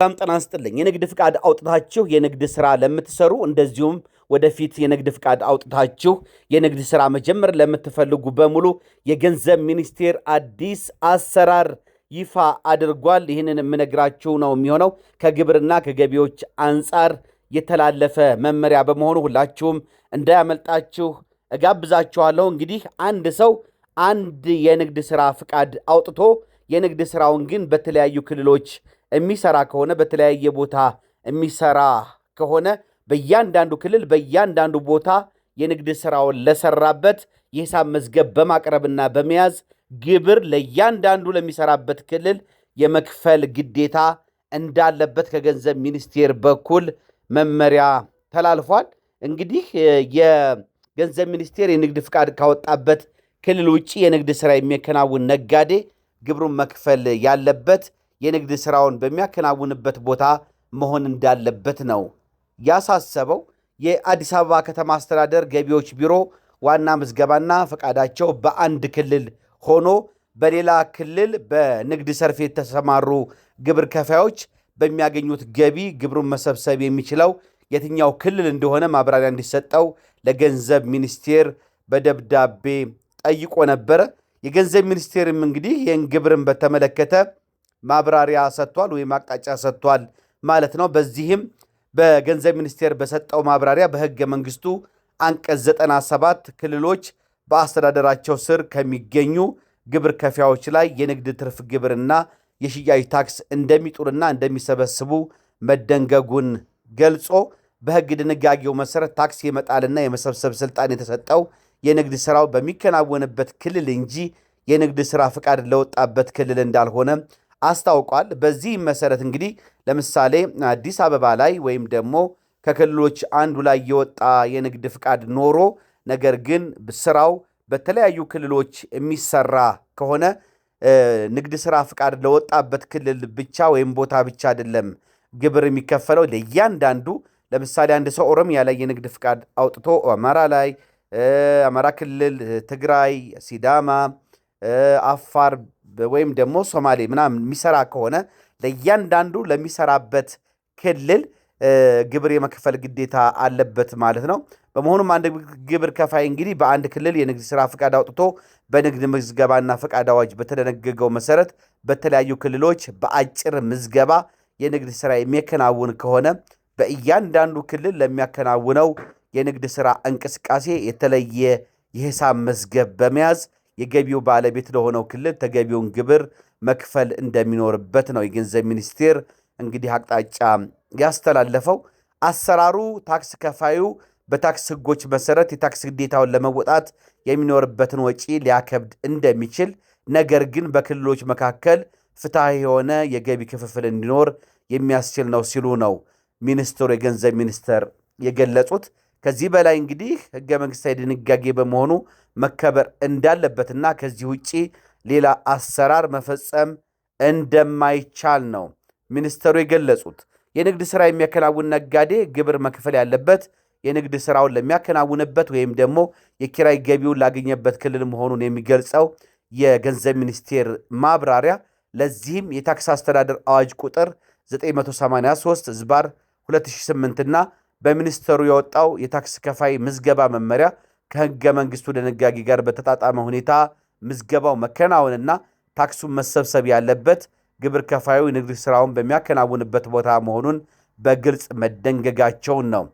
በጣም ጤና ይስጥልኝ። የንግድ ፍቃድ አውጥታችሁ የንግድ ስራ ለምትሰሩ እንደዚሁም ወደፊት የንግድ ፍቃድ አውጥታችሁ የንግድ ስራ መጀመር ለምትፈልጉ በሙሉ የገንዘብ ሚኒስቴር አዲስ አሰራር ይፋ አድርጓል። ይህንን የምነግራችሁ ነው የሚሆነው ከግብርና ከገቢዎች አንጻር የተላለፈ መመሪያ በመሆኑ ሁላችሁም እንዳያመልጣችሁ እጋብዛችኋለሁ። እንግዲህ አንድ ሰው አንድ የንግድ ስራ ፍቃድ አውጥቶ የንግድ ስራውን ግን በተለያዩ ክልሎች የሚሰራ ከሆነ በተለያየ ቦታ የሚሰራ ከሆነ በእያንዳንዱ ክልል በእያንዳንዱ ቦታ የንግድ ስራውን ለሰራበት የሂሳብ መዝገብ በማቅረብና በመያዝ ግብር ለእያንዳንዱ ለሚሰራበት ክልል የመክፈል ግዴታ እንዳለበት ከገንዘብ ሚኒስቴር በኩል መመሪያ ተላልፏል። እንግዲህ የገንዘብ ሚኒስቴር የንግድ ፍቃድ ካወጣበት ክልል ውጭ የንግድ ስራ የሚያከናውን ነጋዴ ግብሩን መክፈል ያለበት የንግድ ሥራውን በሚያከናውንበት ቦታ መሆን እንዳለበት ነው ያሳሰበው። የአዲስ አበባ ከተማ አስተዳደር ገቢዎች ቢሮ ዋና ምዝገባና ፈቃዳቸው በአንድ ክልል ሆኖ በሌላ ክልል በንግድ ሰርፍ የተሰማሩ ግብር ከፋዮች በሚያገኙት ገቢ ግብሩን መሰብሰብ የሚችለው የትኛው ክልል እንደሆነ ማብራሪያ እንዲሰጠው ለገንዘብ ሚኒስቴር በደብዳቤ ጠይቆ ነበረ። የገንዘብ ሚኒስቴርም እንግዲህ ይህን ግብርን በተመለከተ ማብራሪያ ሰጥቷል ወይም አቅጣጫ ሰጥቷል ማለት ነው። በዚህም በገንዘብ ሚኒስቴር በሰጠው ማብራሪያ በህገ መንግስቱ አንቀጽ 97 ክልሎች በአስተዳደራቸው ስር ከሚገኙ ግብር ከፊያዎች ላይ የንግድ ትርፍ ግብርና የሽያጭ ታክስ እንደሚጡልና እንደሚሰበስቡ መደንገጉን ገልጾ በህግ ድንጋጌው መሰረት ታክስ የመጣልና የመሰብሰብ ስልጣን የተሰጠው የንግድ ስራው በሚከናወንበት ክልል እንጂ የንግድ ስራ ፍቃድ ለወጣበት ክልል እንዳልሆነ አስታውቋል። በዚህ መሰረት እንግዲህ ለምሳሌ አዲስ አበባ ላይ ወይም ደግሞ ከክልሎች አንዱ ላይ የወጣ የንግድ ፍቃድ ኖሮ ነገር ግን ስራው በተለያዩ ክልሎች የሚሰራ ከሆነ ንግድ ስራ ፍቃድ ለወጣበት ክልል ብቻ ወይም ቦታ ብቻ አይደለም ግብር የሚከፈለው ለእያንዳንዱ። ለምሳሌ አንድ ሰው ኦሮሚያ ላይ የንግድ ፍቃድ አውጥቶ አማራ ላይ፣ አማራ ክልል፣ ትግራይ፣ ሲዳማ፣ አፋር ወይም ደግሞ ሶማሌ ምናምን የሚሰራ ከሆነ ለእያንዳንዱ ለሚሰራበት ክልል ግብር የመከፈል ግዴታ አለበት ማለት ነው። በመሆኑም አንድ ግብር ከፋይ እንግዲህ በአንድ ክልል የንግድ ስራ ፈቃድ አውጥቶ በንግድ ምዝገባና ፈቃድ አዋጅ በተደነገገው መሰረት በተለያዩ ክልሎች በአጭር ምዝገባ የንግድ ስራ የሚያከናውን ከሆነ በእያንዳንዱ ክልል ለሚያከናውነው የንግድ ስራ እንቅስቃሴ የተለየ የሂሳብ መዝገብ በመያዝ የገቢው ባለቤት ለሆነው ክልል ተገቢውን ግብር መክፈል እንደሚኖርበት ነው የገንዘብ ሚኒስቴር እንግዲህ አቅጣጫ ያስተላለፈው። አሰራሩ ታክስ ከፋዩ በታክስ ሕጎች መሰረት የታክስ ግዴታውን ለመወጣት የሚኖርበትን ወጪ ሊያከብድ እንደሚችል፣ ነገር ግን በክልሎች መካከል ፍትሐዊ የሆነ የገቢ ክፍፍል እንዲኖር የሚያስችል ነው ሲሉ ነው ሚኒስትሩ የገንዘብ ሚኒስቴር የገለጹት። ከዚህ በላይ እንግዲህ ህገ መንግስታዊ ድንጋጌ በመሆኑ መከበር እንዳለበትና ከዚህ ውጪ ሌላ አሰራር መፈጸም እንደማይቻል ነው ሚኒስተሩ የገለጹት። የንግድ ስራ የሚያከናውን ነጋዴ ግብር መክፈል ያለበት የንግድ ስራውን ለሚያከናውንበት ወይም ደግሞ የኪራይ ገቢውን ላገኘበት ክልል መሆኑን የሚገልጸው የገንዘብ ሚኒስቴር ማብራሪያ ለዚህም የታክስ አስተዳደር አዋጅ ቁጥር 983 ዝባር 2008 እና በሚኒስተሩ የወጣው የታክስ ከፋይ ምዝገባ መመሪያ ከህገ መንግስቱ ድንጋጌ ጋር በተጣጣመ ሁኔታ ምዝገባው መከናወንና ታክሱን መሰብሰብ ያለበት ግብር ከፋዩ ንግድ ስራውን በሚያከናውንበት ቦታ መሆኑን በግልጽ መደንገጋቸውን ነው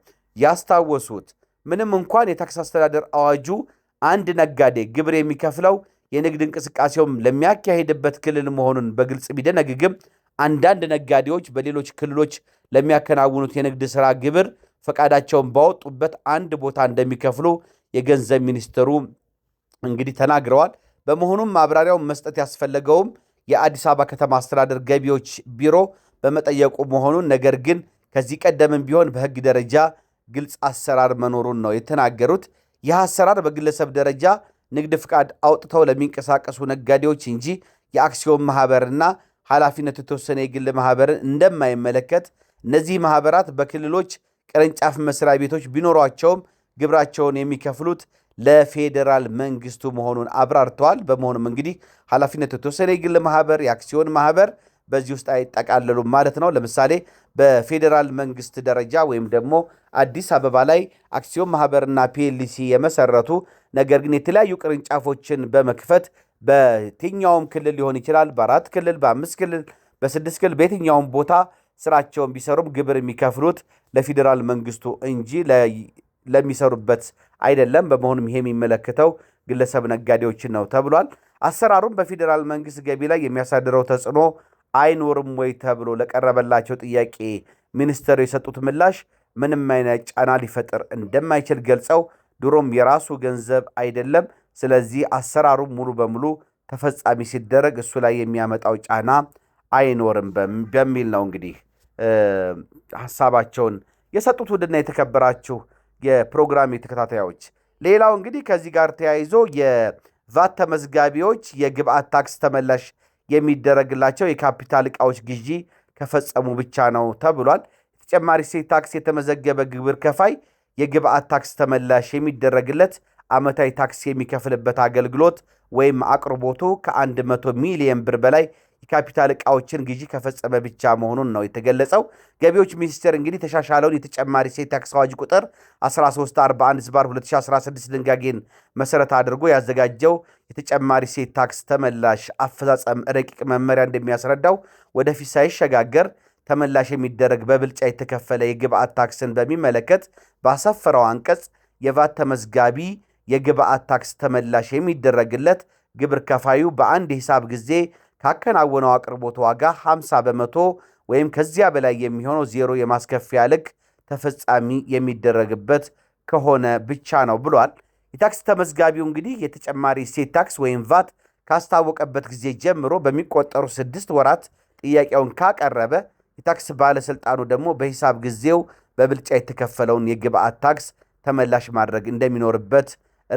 ያስታወሱት። ምንም እንኳን የታክስ አስተዳደር አዋጁ አንድ ነጋዴ ግብር የሚከፍለው የንግድ እንቅስቃሴውም ለሚያካሄድበት ክልል መሆኑን በግልጽ ቢደነግግም አንዳንድ ነጋዴዎች በሌሎች ክልሎች ለሚያከናውኑት የንግድ ስራ ግብር ፈቃዳቸውን ባወጡበት አንድ ቦታ እንደሚከፍሉ የገንዘብ ሚኒስትሩ እንግዲህ ተናግረዋል። በመሆኑም ማብራሪያውን መስጠት ያስፈለገውም የአዲስ አበባ ከተማ አስተዳደር ገቢዎች ቢሮ በመጠየቁ መሆኑን ነገር ግን ከዚህ ቀደምም ቢሆን በሕግ ደረጃ ግልጽ አሰራር መኖሩን ነው የተናገሩት። ይህ አሰራር በግለሰብ ደረጃ ንግድ ፍቃድ አውጥተው ለሚንቀሳቀሱ ነጋዴዎች እንጂ የአክሲዮን ማህበርና ኃላፊነት የተወሰነ የግል ማህበርን እንደማይመለከት እነዚህ ማህበራት በክልሎች ቅርንጫፍ መስሪያ ቤቶች ቢኖሯቸውም ግብራቸውን የሚከፍሉት ለፌዴራል መንግስቱ መሆኑን አብራርተዋል። በመሆኑም እንግዲህ ኃላፊነት የተወሰነ የግል ማህበር፣ የአክሲዮን ማህበር በዚህ ውስጥ አይጠቃለሉም ማለት ነው። ለምሳሌ በፌዴራል መንግስት ደረጃ ወይም ደግሞ አዲስ አበባ ላይ አክሲዮን ማህበርና ፒኤልሲ የመሰረቱ ነገር ግን የተለያዩ ቅርንጫፎችን በመክፈት በየትኛውም ክልል ሊሆን ይችላል፣ በአራት ክልል፣ በአምስት ክልል፣ በስድስት ክልል በየትኛውም ቦታ ስራቸውን ቢሰሩም ግብር የሚከፍሉት ለፌዴራል መንግስቱ እንጂ ለሚሰሩበት አይደለም። በመሆኑም ይሄ የሚመለከተው ግለሰብ ነጋዴዎችን ነው ተብሏል። አሰራሩም በፌዴራል መንግስት ገቢ ላይ የሚያሳድረው ተጽዕኖ አይኖርም ወይ ተብሎ ለቀረበላቸው ጥያቄ ሚኒስትሩ የሰጡት ምላሽ ምንም አይነት ጫና ሊፈጥር እንደማይችል ገልጸው ድሮም የራሱ ገንዘብ አይደለም፣ ስለዚህ አሰራሩ ሙሉ በሙሉ ተፈጻሚ ሲደረግ እሱ ላይ የሚያመጣው ጫና አይኖርም በሚል ነው እንግዲህ ሀሳባቸውን የሰጡት ውድና የተከበራችሁ የፕሮግራም ተከታታዮች፣ ሌላው እንግዲህ ከዚህ ጋር ተያይዞ የቫት ተመዝጋቢዎች የግብአት ታክስ ተመላሽ የሚደረግላቸው የካፒታል እቃዎች ግዢ ከፈጸሙ ብቻ ነው ተብሏል። ተጨማሪ እሴት ታክስ የተመዘገበ ግብር ከፋይ የግብአት ታክስ ተመላሽ የሚደረግለት ዓመታዊ ታክስ የሚከፍልበት አገልግሎት ወይም አቅርቦቱ ከ100 ሚሊየን ብር በላይ የካፒታል ዕቃዎችን ግዢ ከፈጸመ ብቻ መሆኑን ነው የተገለጸው። ገቢዎች ሚኒስቴር እንግዲህ ተሻሻለውን የተጨማሪ እሴት ታክስ አዋጅ ቁጥር 1341 ዝባር 2016 ድንጋጌን መሰረት አድርጎ ያዘጋጀው የተጨማሪ እሴት ታክስ ተመላሽ አፈጻጸም ረቂቅ መመሪያ እንደሚያስረዳው ወደፊት ሳይሸጋገር ተመላሽ የሚደረግ በብልጫ የተከፈለ የግብአት ታክስን በሚመለከት ባሰፈረው አንቀጽ የቫት ተመዝጋቢ የግብአት ታክስ ተመላሽ የሚደረግለት ግብር ከፋዩ በአንድ የሂሳብ ጊዜ ካከናወነው አቅርቦት ዋጋ 50 በመቶ ወይም ከዚያ በላይ የሚሆነው ዜሮ የማስከፊያ ልክ ተፈጻሚ የሚደረግበት ከሆነ ብቻ ነው ብሏል። የታክስ ተመዝጋቢው እንግዲህ የተጨማሪ እሴት ታክስ ወይም ቫት ካስታወቀበት ጊዜ ጀምሮ በሚቆጠሩ ስድስት ወራት ጥያቄውን ካቀረበ የታክስ ባለሥልጣኑ ደግሞ በሂሳብ ጊዜው በብልጫ የተከፈለውን የግብአት ታክስ ተመላሽ ማድረግ እንደሚኖርበት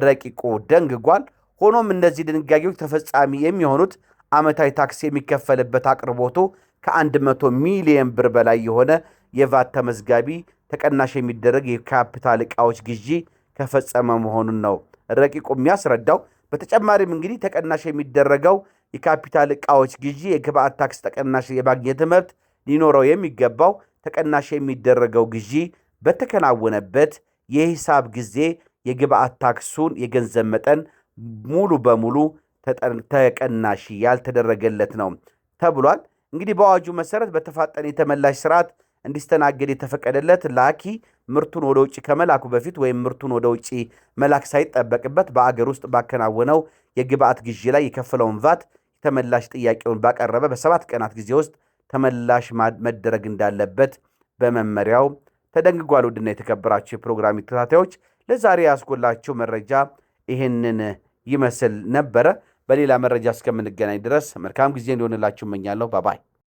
ረቂቁ ደንግጓል። ሆኖም እነዚህ ድንጋጌዎች ተፈጻሚ የሚሆኑት ዓመታዊ ታክስ የሚከፈልበት አቅርቦቱ ከ100 ሚሊየን ብር በላይ የሆነ የቫት ተመዝጋቢ ተቀናሽ የሚደረግ የካፒታል ዕቃዎች ግዢ ከፈጸመ መሆኑን ነው ረቂቁ የሚያስረዳው። በተጨማሪም እንግዲህ ተቀናሽ የሚደረገው የካፒታል ዕቃዎች ግዢ የግብአት ታክስ ተቀናሽ የማግኘት መብት ሊኖረው የሚገባው ተቀናሽ የሚደረገው ግዢ በተከናወነበት የሂሳብ ጊዜ የግብአት ታክሱን የገንዘብ መጠን ሙሉ በሙሉ ተቀናሽ ያልተደረገለት ነው ተብሏል። እንግዲህ በአዋጁ መሰረት በተፋጠነ የተመላሽ ስርዓት እንዲስተናገድ የተፈቀደለት ላኪ ምርቱን ወደ ውጭ ከመላኩ በፊት ወይም ምርቱን ወደ ውጭ መላክ ሳይጠበቅበት በአገር ውስጥ ባከናወነው የግብአት ግዢ ላይ የከፈለውን ቫት ተመላሽ ጥያቄውን ባቀረበ በሰባት ቀናት ጊዜ ውስጥ ተመላሽ መደረግ እንዳለበት በመመሪያው ተደንግጓል። ውድና የተከበራችሁ የፕሮግራም ተከታታዮች ለዛሬ ያስጎላቸው መረጃ ይህንን ይመስል ነበረ። በሌላ መረጃ እስከምንገናኝ ድረስ መልካም ጊዜ እንዲሆንላችሁ እመኛለሁ። ባባይ